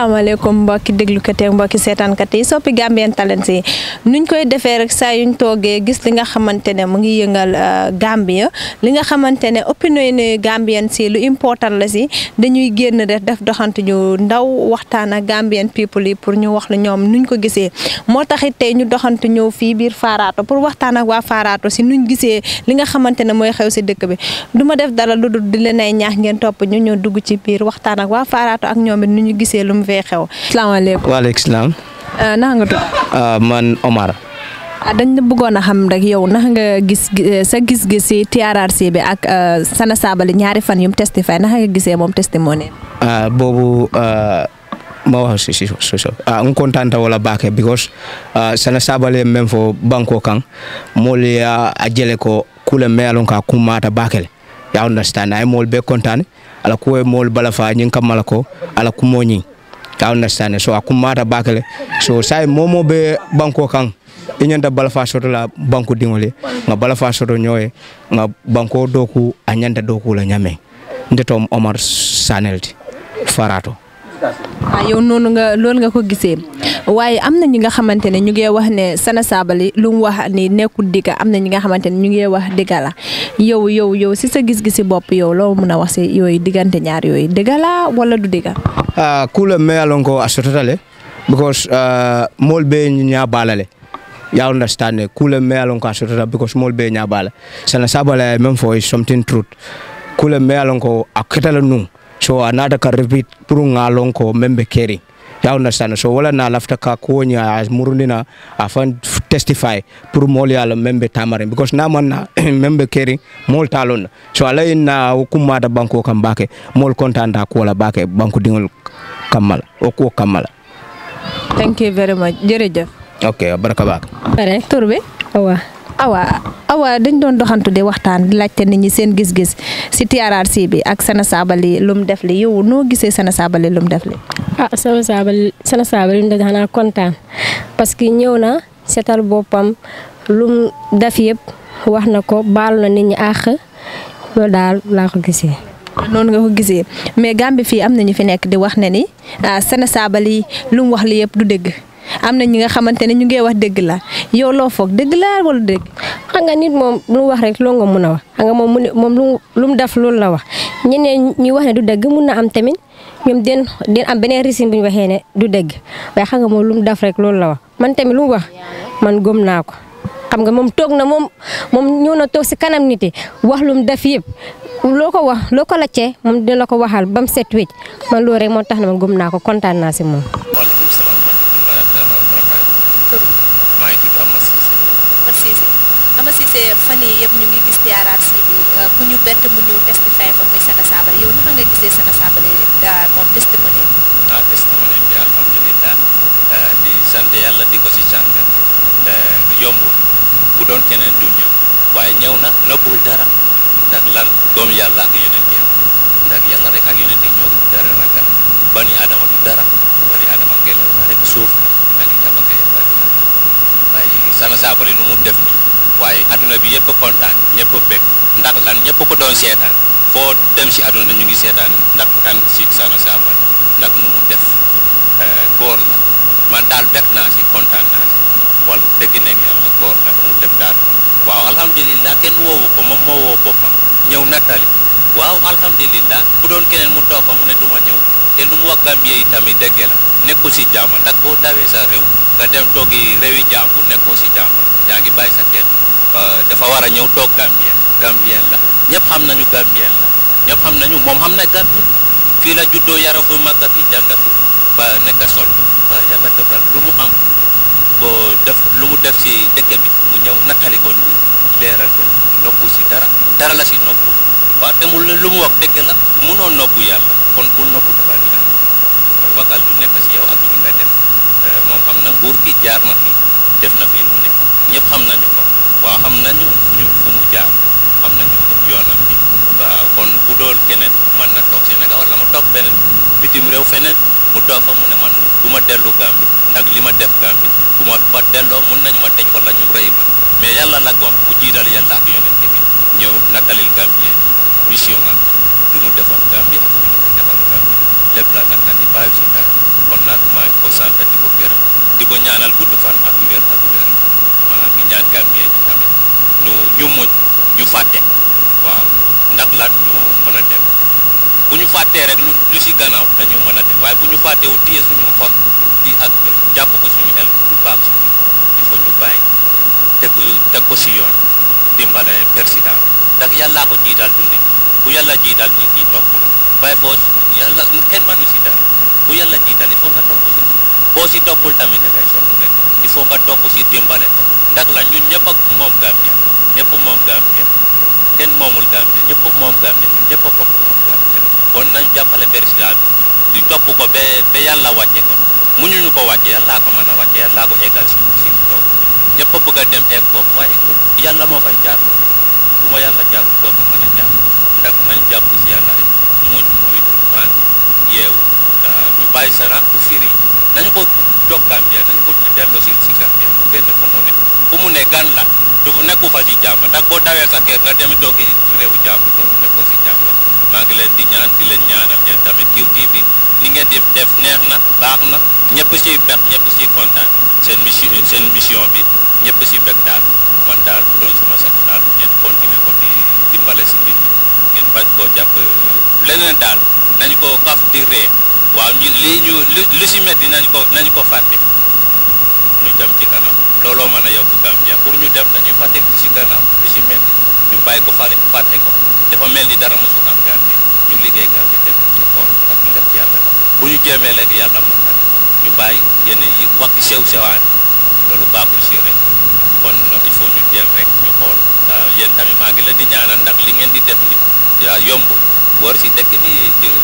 asalaamaaleykum mbokki déglukat yi mbokki kat yi soppi Gambian Talents yi nuñ koy defé rek sa yuñ togué gis li nga xamantene ne mu ngi yëngal euh, Gambia li nga xamantene opinion yi Gambian ci lu important la ci dañuy genn def def doxantu ñu ndaw waxtana Gambian people yi pour ñu wax la ñom nuñ ko gisé moo taxit tey ñu doxantu ñu fi bir farato pour ak si nuñ gisé li nga xamantene moy xew ci dëkk bi duma def dara luddul di leen ñaax ngeen top ñu ñu dugg ci bir waxtaan ak waa ak ñom nuñu gisé lu mu fee xew. salaamaaleykum waaleykum salaam. Uh, naka nga tudd. Uh, man Omar. Uh, dañ la bëggoon a xam rek yow naka nga gis sa gis-gis si TRRC bi ak Sana Sabally ñaari fan yum testify naka nga gisee moom testimony boobu ma wax si si so so ah un wala baake because Sana Sabally même fo banko kan moolu ye a jele ko kule meyalon ka kummaata baakele ya understand ay moolu be kontaan ala kuwe moolu bala fa ñiŋ mala ko ala kumoo ñiŋ ka understand so mata bakale so say momo be banko kan inyanda balafa soto la banko dingole nga balafa soto nyoe nga banko doku anyanda doku la nyame ndeto Omar Sanelti farato ah yow noonu nga loolu nga ko gisee waaye am na ñi nga xamante ne ñu ngi wax ne Sana Sabally lu mu wax ni nekkul digga am na ñi nga xamante ne ñu ngi wax dëgg la yow yow yow si sa gis-gisi bopp yow loo mën a wax si yooyu diggante ñaar yooyu dëgg la wala du dëgg. ah kule meyalongo asototale because mool bee ñaa baalale ya understand kule meyalongo asototale because mool bee ñaa baala Sana Sabally même fo is something truth kule meyalongo akitala nung so anata ka repeat pour ngalong ko membe keri ya understand so wala na lafta ka kuonya as na afan testify pour mol ala membe tamarin because na man na membe keri mol talon so ala na hukuma da banko kan bake mol kontanda ko la bake banko dingol kamal o ko kamal thank you very much jef okay baraka bak bare turbe awa awa awa dañ doon doxantu de waxtaan di laajte nit ñi seen gis-gis si TRRC bi ak Sana Sabali lum def li yow no gisee Sana Sabali lum def li ah Sana sabali, Sana Sabali ndax na kontaan parce que ñëw na setal lum def yëpp wax na ko bal na nit ñi àq lo dal la ko gisee non nga ko gisee mais fi am ñu fi nek di wax ne ni ah, Sana Sabali lum wax li du dëgg amna ñi nga xamantene ñu ngi wax deug la yow lo fokk deug la wala deug xam nga nit mom lu wax rek lo nga mëna wax nga mom lu mu def loolu la wax ñene ñi wax ne du deug mëna am tamit ñom den den am benen risin buñ waxé ne du deug way xam nga moom lu mu def rek loolu la wax man tamit lu wax man gom ko xam nga mom tok na mom mom ñu na tok niti, kanam nité wax lu mu def yëpp loo ko wax lo ko laajte mom dina ko waxal bam set wéj man lo rek mo tax na man gëm na ko kontaan na si turu Maïtoud masisi, masisi, Mar Cissé Ama Cissé fan yi iya, yëpp ñu ngi gis PRRC bi eh, ku ñu bett mu ñëw testify fa muy Sana Sabali yow naka nga gisee Sana Sabali moom testimony eh, da testimony bi ya, alhamdulillah di sant yàlla di ko si da yombul bu doon keneen du ñëw waaye ñëw na nëbbul dara ndax lan doom yàlla ya ak yonent yam ndax yàlla rek ak yonent ñoo dara bani adama du dara bani adama ngelaw rek suuf la sama saabali nu mu def ni waaye adduna bi yëpp kontaan ñëpp bég ndax la ñëpp ko doon seetaan foo dem si adduna ñu ngi seetaan ndax kan si Sana Saabali ndax nu mu def eh, góor la man daal bég naa si kontaan naa si wala dëgg nekk yàlla góor la nu mu def daal waaw alhamdulilah kenn woowu ko moom moo woo boppam ñëw nattali waaw alhamdulilah bu doon keneen mu toog fa mu ne du ñëw te lu mu wax Gambie yi tamit dëgg la nekku si jàmm ndax boo dawee sa réew nga dem toogi réewi jàmbur nekkoo si jàmbur yaa ngi bàyyi sa kër dafa war a ñëw toog Gambien Gambien la ñëpp xam nañu Gambien la ñëpp xam nañu moom xam na Gambien fii la juddoo yara fu màgga fi ba nekk sol yàlla dogal lu mu am boo def lu mu def si dëkk bi mu ñëw nattali ko leeral ko nii si dara dara la si noppu waaw te mu lu mu wax dëgg la munoo noppu yàlla kon bul noppu tubaab yi daal wagal lu nekk si yow ak li nga def moom xam na nguur gi jaar na fi def na fi lu ne ñëpp xam nañu ko waaw xam nañu ñu fu mu jaar xam nañu yoonam bi waaw kon bu dool keneen mën na toog Sénégal wala mu toog beneen bitim réew feneen mu toog fa mu ne man du ma dellu Gàmbi ndax li ma def Gàmbi bu ma fa delloo mun nañu ma tej wala ñu rëy ma mais yàlla nag moom mu jiital yàlla ak yonent bi ñëw nattalil Gambien mission nga lu mu defoon Gambie ak lu lépp la nattali bàyyi si dara kon ma maa ngi ko sant di ko gërëm di ko ñaanal gudd fan ak wér ak wér maa ngi ñaan gambie bi tamit ya, ñu ñu muñ ñu fàtte waaw ndax laat ñu mën dem bu ñu fàttee rek lu lu si gannaaw dañu mën a dem waaye bu ñu fàttewu téye ya, suñu xol di ak jàpp ko suñu xel du baax si il faut ñu bàyyi teg ko teg ko si yoon dimbale président ndax yàllaa ko jiital du bu yàlla jiital nit ñi topp la waaye foos yàlla kenn mënu si dara kuyalla jita li fonga to kusi bo si to pulta mi daga so ne li fonga to kusi dimbale ko ndak la ñun ñepp ak mom gambia ñepp mom gambia ken momul gambia ñepp mom gambia ñun ñepp ak mom gambia kon nañ jappale persia bi di top ko be be yalla wacce ko muñu ñu ko wacce yalla ko mëna wacce yalla ko égal ci ci to ñepp bëgg dem ek ko waye yalla mo fay jaar kuma yalla jaar do ko mëna jaar ndak nañ japp ci yalla rek muñ moy man yew bay sana bu firi nañu ko dog gambia nañu ko dello si si gambia mu génn fu ne mu ne gan la du ne ko fa si jàmm ndax boo dawee sa kër nga dem rew réewu do ne ko si jàmm maa ngi di ñaan di leen ñaanal yéen tamit tv li ngeen di def neex na baax na ñepp ci bet ñepp ci content sen mission sen mission bi ñepp ci bet daal man daal bu doon suma sax daal ñen continuer ko di dimbalé si nit ñen bañ ko japp leneen daal nañ ko kaf di ree waaw ñu li ñu lu si metti nañ ko nañ ko fàtte ñu dem ci kanam looloo mën a yóbbu ya Gambia pour ñu dem nañu fàtte ci kanam lu si metti ñu bàyyi ko fàtte fàtte ko dafa mel ni dara mosul am Gambia ñu liggéey Gambia dem ci xool ak lépp yàlla la bu ñu jéemee lekk yàlla mu tax ñu bàyyi yenn yi wakki sew sewaan loolu baaxul si rek kon il faut ñu jéem rek ñu xool yéen tamit maa ngi leen di ñaanal ndax li ngeen di def ni yaa yombul wër ci dekk bi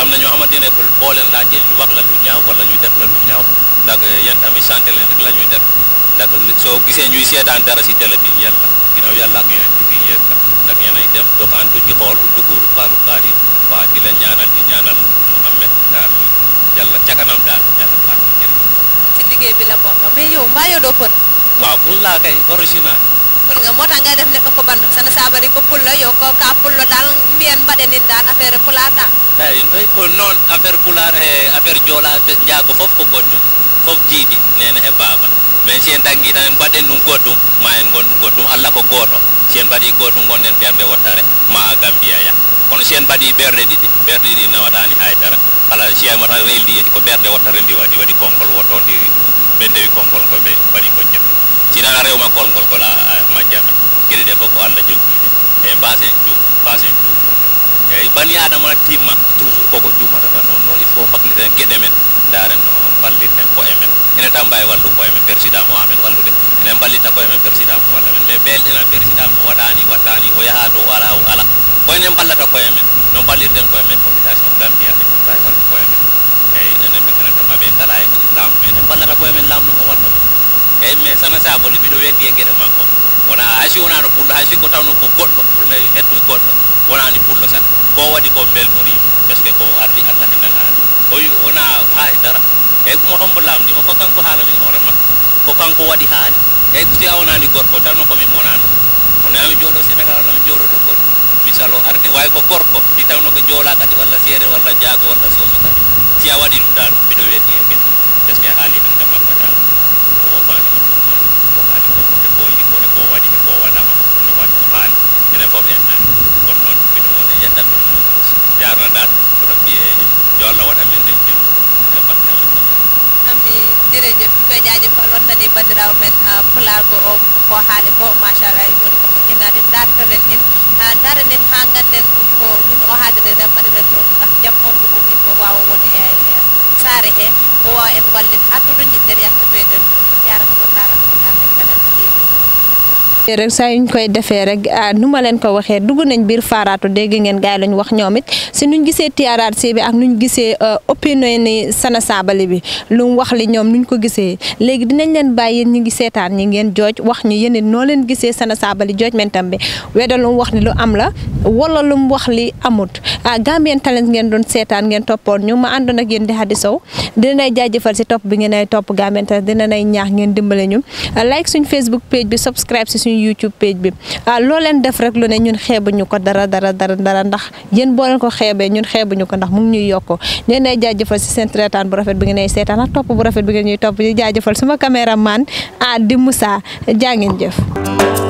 am nañu xamantene xamante bo len la jël ñu wax la lu ñaaw wala ñu def la lu ñaaw dag yéen tamit sant leen rek la ñuy def dag so gisee ñuy sétan dara ci télé bi yalla ginaaw yalla ak yonent bi yéen la ndax yéenay dem antu ci xol du baaru baar yi waa di la ñaanal di ñaanal muhammad daal yalla ci kanam daal yalla baax ci liggéey bi la bokk mais yow ma yo do për. waaw pour la kay original pul nga mota nga def nek ko bandum sana sabari ko pul la yo ko ka pul lo dal mbiyen baden din dal affaire pulata ay ko non affaire pular he affaire jola jaago fof ko goddum fof jiidi nene e baba mais si en dangi tan baden dum goddum ma en gondum goddum alla ko goto si en badi goto gonden berde wottare ma gambia ya kono si badi berde didi berde didi nawatani haydara kala si ay mota reldi ko berde wottare ndi wadi wadi kongol wotondi be ndewi kongol ko be badi ko jep ci na rew ma kol ngol ko ah, ma jam kede de boko anda jogi e eh, base ju base ju e eh, bani adam na timma ah, toujours koko juma ta non non il faut mbakli tan gede oh, men no balliten ko emen ene ta mbay wallu ko emen men persida mo amen de ene ballita ko emen men persida mo walla men mais beldena persida mo wadani wadani o yaha do wala ala ko ene ballata ko emen, men non ballirten ko emen, men population gambia e mbay wallu ko emen e ene be kana ta mabe ngala e lamu ene ballata ko emen lam eh. no mo kay mais sana sa bo libido weddi e gere makko wona hasi wona no pullo hasi ko tawno ko goddo wala hetto goddo wona ni pullo sa ko wadi ko beltori parce que ko ardi allah tan alaani o wona hay dara e eh, ko hombo lamdi o ko kanko halani hoore makko ko kanko wadi haali e ko si awnani gorko tawno ko min monano onami jodo senegal onami jodo do goddo misalo arte way ko gorko si tawno ko jola kadi wala sere walla jaago walla soso kadi si a wadi dum tan bido weddi e gere parce que haali am koɓe ko haali ko rek saa yuñ koy defee rek ah nu ma leen ko waxee dugg nañ biir faaraatu dégg ngeen gaay lañ wax ñoom it si nuñ gisee tiyaaraat si bi ak ñu gisee euh, opinion ni Sana Sabally bi lu mu wax li ñoom nuñ ko gisee léegi dinañ leen bàyyi yéen ñi ngi seetaan ñi ngeen wax ñu yéen noo leen gisee Sana Sabally jooj mentam bi wedda lu wax ni lu am la wala lu mu wax li amut ah Gambian Talents ngeen doon seetaan ngeen toppoon ñu ma ànd ak yéen di Hady Sow dina nay jaajëfal si topp bi ngeen ay topp Gambian Talents dina nay ñaax ngeen dimbale ñu ah, like suñ Facebook page bi subscribe si suñ YouTube page bi ah loo leen def rek lu ne ñun xeebuñu ko dara dara dara dara ndax yéen boo leen ko xeebee ñun xeebuñu ko ndax mu ngi ñuy yokk ñeen nay jaajëfal si seen traitaan bu rafet bi ngeen ay seetaan ak topp bu rafet bi ngeen ñuy topp di jaajëfal suma caméraman ah di Moussa jaa ngeen jëf